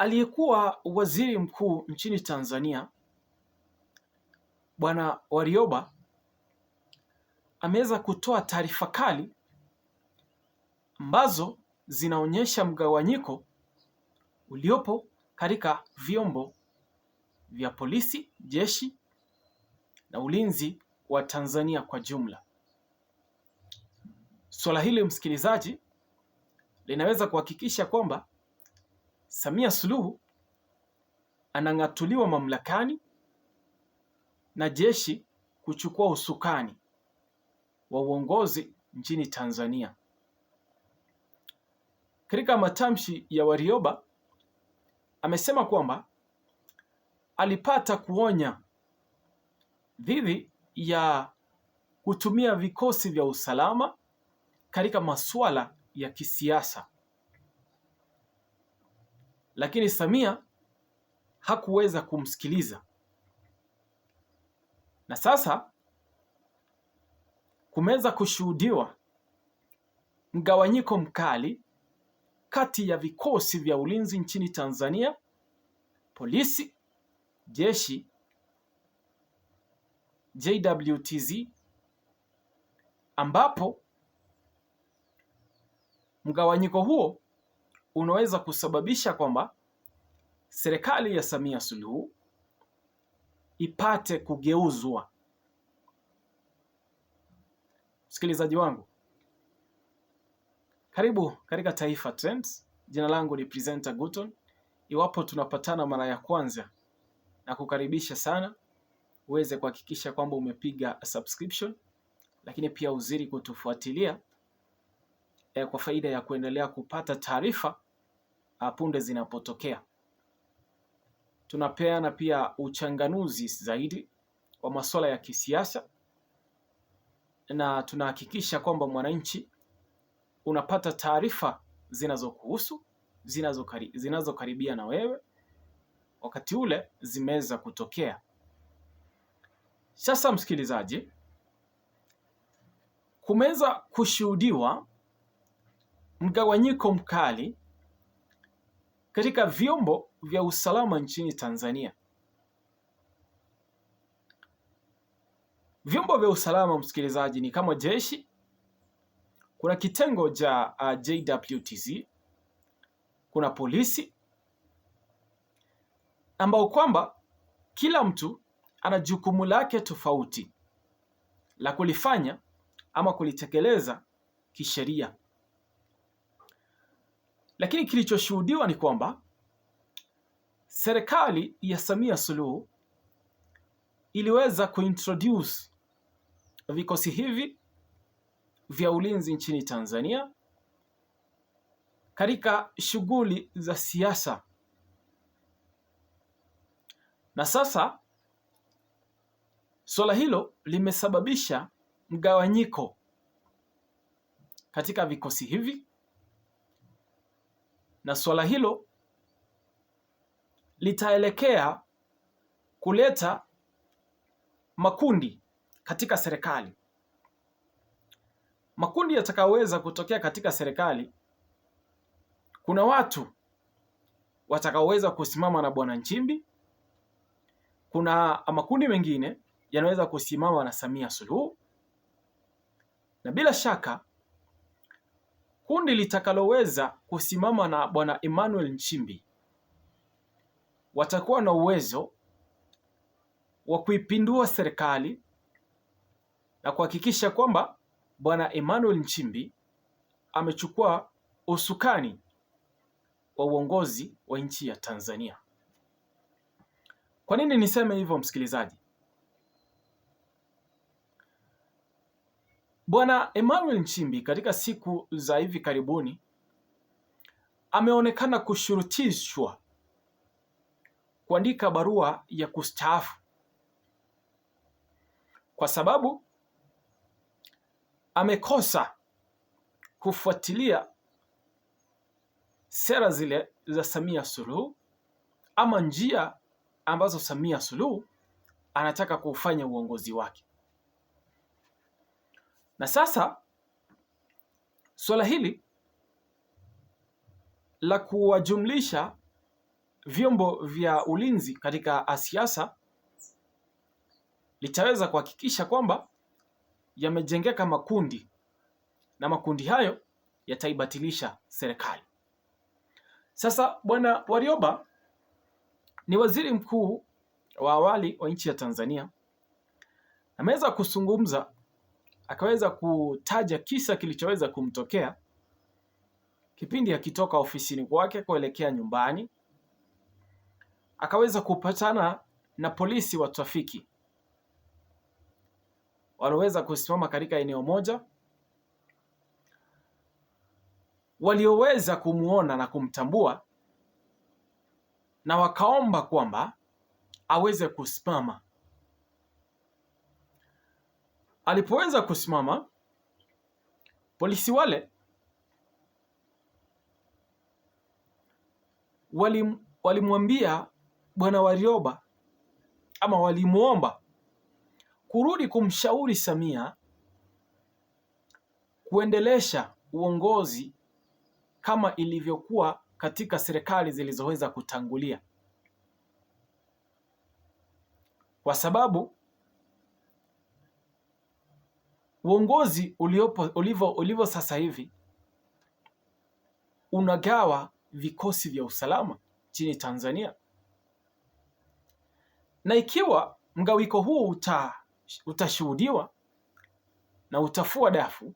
Aliyekuwa waziri mkuu nchini Tanzania Bwana Warioba ameweza kutoa taarifa kali ambazo zinaonyesha mgawanyiko uliopo katika vyombo vya polisi, jeshi na ulinzi wa Tanzania kwa jumla. Suala hili msikilizaji, linaweza kuhakikisha kwamba Samia Suluhu anang'atuliwa mamlakani na jeshi kuchukua usukani wa uongozi nchini Tanzania. Katika matamshi ya Warioba amesema kwamba alipata kuonya dhidi ya kutumia vikosi vya usalama katika masuala ya kisiasa lakini Samia hakuweza kumsikiliza, na sasa kumeweza kushuhudiwa mgawanyiko mkali kati ya vikosi vya ulinzi nchini Tanzania, polisi, jeshi, JWTZ, ambapo mgawanyiko huo unaweza kusababisha kwamba serikali ya Samia Suluhu ipate kugeuzwa. Msikilizaji wangu, karibu katika Taifa Trends. Jina langu ni Presenter Guton. Iwapo tunapatana mara ya kwanza, na kukaribisha sana uweze kuhakikisha kwamba umepiga subscription, lakini pia uziri kutufuatilia eh, kwa faida ya kuendelea kupata taarifa ah, punde zinapotokea tunapeana pia uchanganuzi zaidi wa masuala ya kisiasa na tunahakikisha kwamba mwananchi unapata taarifa zinazokuhusu zinazokaribia zinazokaribia na wewe wakati ule zimeweza kutokea. Sasa msikilizaji, kumeweza kushuhudiwa mgawanyiko mkali katika vyombo vya usalama nchini Tanzania. Vyombo vya usalama, msikilizaji, ni kama jeshi. Kuna kitengo cha ja, uh, JWTZ, kuna polisi ambao kwamba kila mtu ana jukumu lake tofauti la kulifanya ama kulitekeleza kisheria, lakini kilichoshuhudiwa ni kwamba serikali ya Samia Suluhu iliweza kuintroduce vikosi hivi vya ulinzi nchini Tanzania katika shughuli za siasa, na sasa suala hilo limesababisha mgawanyiko katika vikosi hivi, na suala hilo litaelekea kuleta makundi katika serikali. Makundi yatakayoweza kutokea katika serikali, kuna watu watakaoweza kusimama na Bwana Nchimbi, kuna makundi mengine yanaweza kusimama na Samia Suluhu, na bila shaka kundi litakaloweza kusimama na Bwana Emmanuel Nchimbi watakuwa na uwezo wa kuipindua serikali na kuhakikisha kwamba Bwana Emmanuel Nchimbi amechukua usukani wa uongozi wa nchi ya Tanzania. Kwa nini niseme hivyo, msikilizaji? Bwana Emmanuel Nchimbi katika siku za hivi karibuni ameonekana kushurutishwa kuandika barua ya kustaafu kwa sababu amekosa kufuatilia sera zile za Samia Suluhu ama njia ambazo Samia Suluhu anataka kuufanya uongozi wake. Na sasa suala hili la kuwajumlisha vyombo vya ulinzi katika siasa litaweza kuhakikisha kwamba yamejengeka makundi na makundi hayo yataibatilisha serikali. Sasa Bwana Warioba ni waziri mkuu wa awali wa nchi ya Tanzania. Ameweza kuzungumza akaweza kutaja kisa kilichoweza kumtokea kipindi akitoka ofisini kwake kuelekea nyumbani akaweza kupatana na polisi wa trafiki walioweza kusimama katika eneo moja, walioweza kumuona na kumtambua na wakaomba kwamba aweze kusimama. Alipoweza kusimama, polisi wale walimwambia Bwana Warioba ama walimwomba kurudi kumshauri Samia kuendelesha uongozi kama ilivyokuwa katika serikali zilizoweza kutangulia, kwa sababu uongozi uliopo ulivyo ulivyo sasa hivi unagawa vikosi vya usalama nchini Tanzania. Na ikiwa mgawiko huo uta, utashuhudiwa na utafua dafu,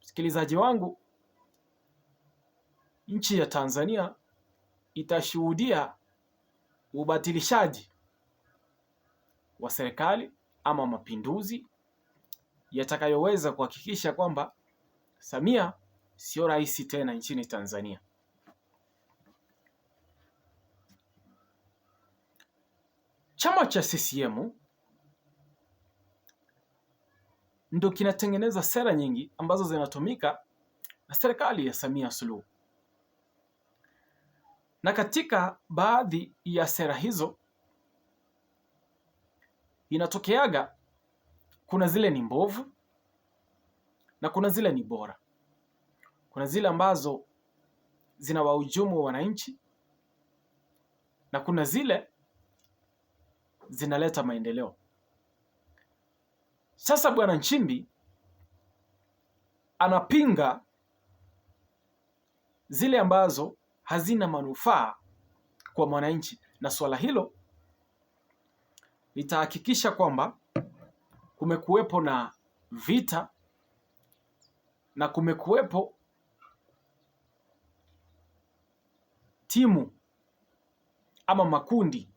msikilizaji wangu, nchi ya Tanzania itashuhudia ubatilishaji wa serikali ama mapinduzi yatakayoweza kuhakikisha kwamba Samia sio rais tena nchini Tanzania. chama cha CCM ndo kinatengeneza sera nyingi ambazo zinatumika na serikali ya Samia Suluhu, na katika baadhi ya sera hizo inatokeaga kuna zile ni mbovu na kuna zile ni bora. Kuna zile ambazo zina wahujumu wananchi na kuna zile zinaleta maendeleo. Sasa Bwana Nchimbi anapinga zile ambazo hazina manufaa kwa mwananchi, na suala hilo litahakikisha kwamba kumekuwepo na vita na kumekuwepo timu ama makundi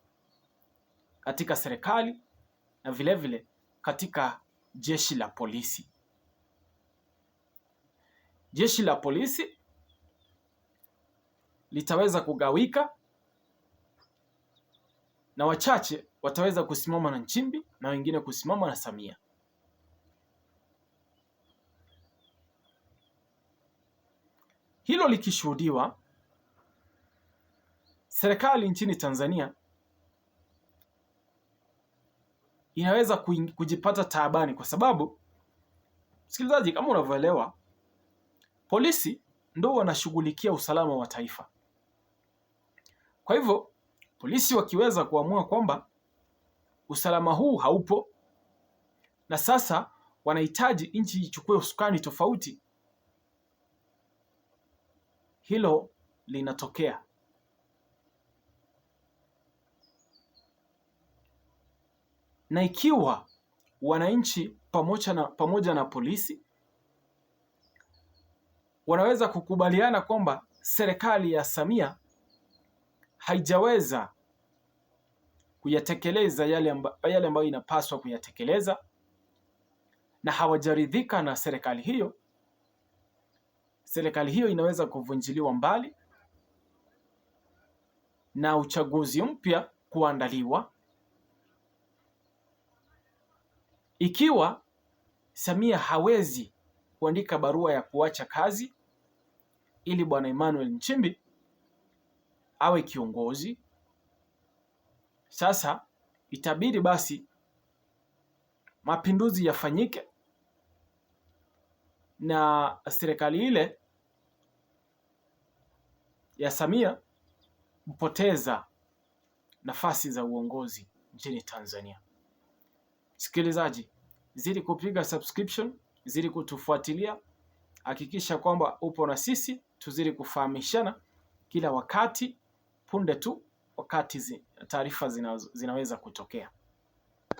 katika serikali na vilevile vile katika jeshi la polisi. Jeshi la polisi litaweza kugawika na wachache wataweza kusimama na Nchimbi na wengine kusimama na Samia. Hilo likishuhudiwa, serikali nchini Tanzania inaweza kujipata taabani, kwa sababu msikilizaji, kama unavyoelewa, polisi ndo wanashughulikia usalama wa taifa. Kwa hivyo polisi wakiweza kuamua kwamba usalama huu haupo na sasa wanahitaji nchi ichukue usukani tofauti, hilo linatokea na ikiwa wananchi pamoja na, pamoja na polisi wanaweza kukubaliana kwamba serikali ya Samia haijaweza kuyatekeleza yale, amba, yale ambayo inapaswa kuyatekeleza na hawajaridhika na serikali hiyo, serikali hiyo inaweza kuvunjiliwa mbali na uchaguzi mpya kuandaliwa Ikiwa Samia hawezi kuandika barua ya kuacha kazi ili bwana Emmanuel Nchimbi awe kiongozi, sasa itabidi basi mapinduzi yafanyike na serikali ile ya Samia kupoteza nafasi za uongozi nchini Tanzania. Msikilizaji, zidi kupiga subscription, zidi kutufuatilia, hakikisha kwamba upo na sisi, tuzidi kufahamishana kila wakati, punde tu wakati zi, taarifa zinaweza kutokea.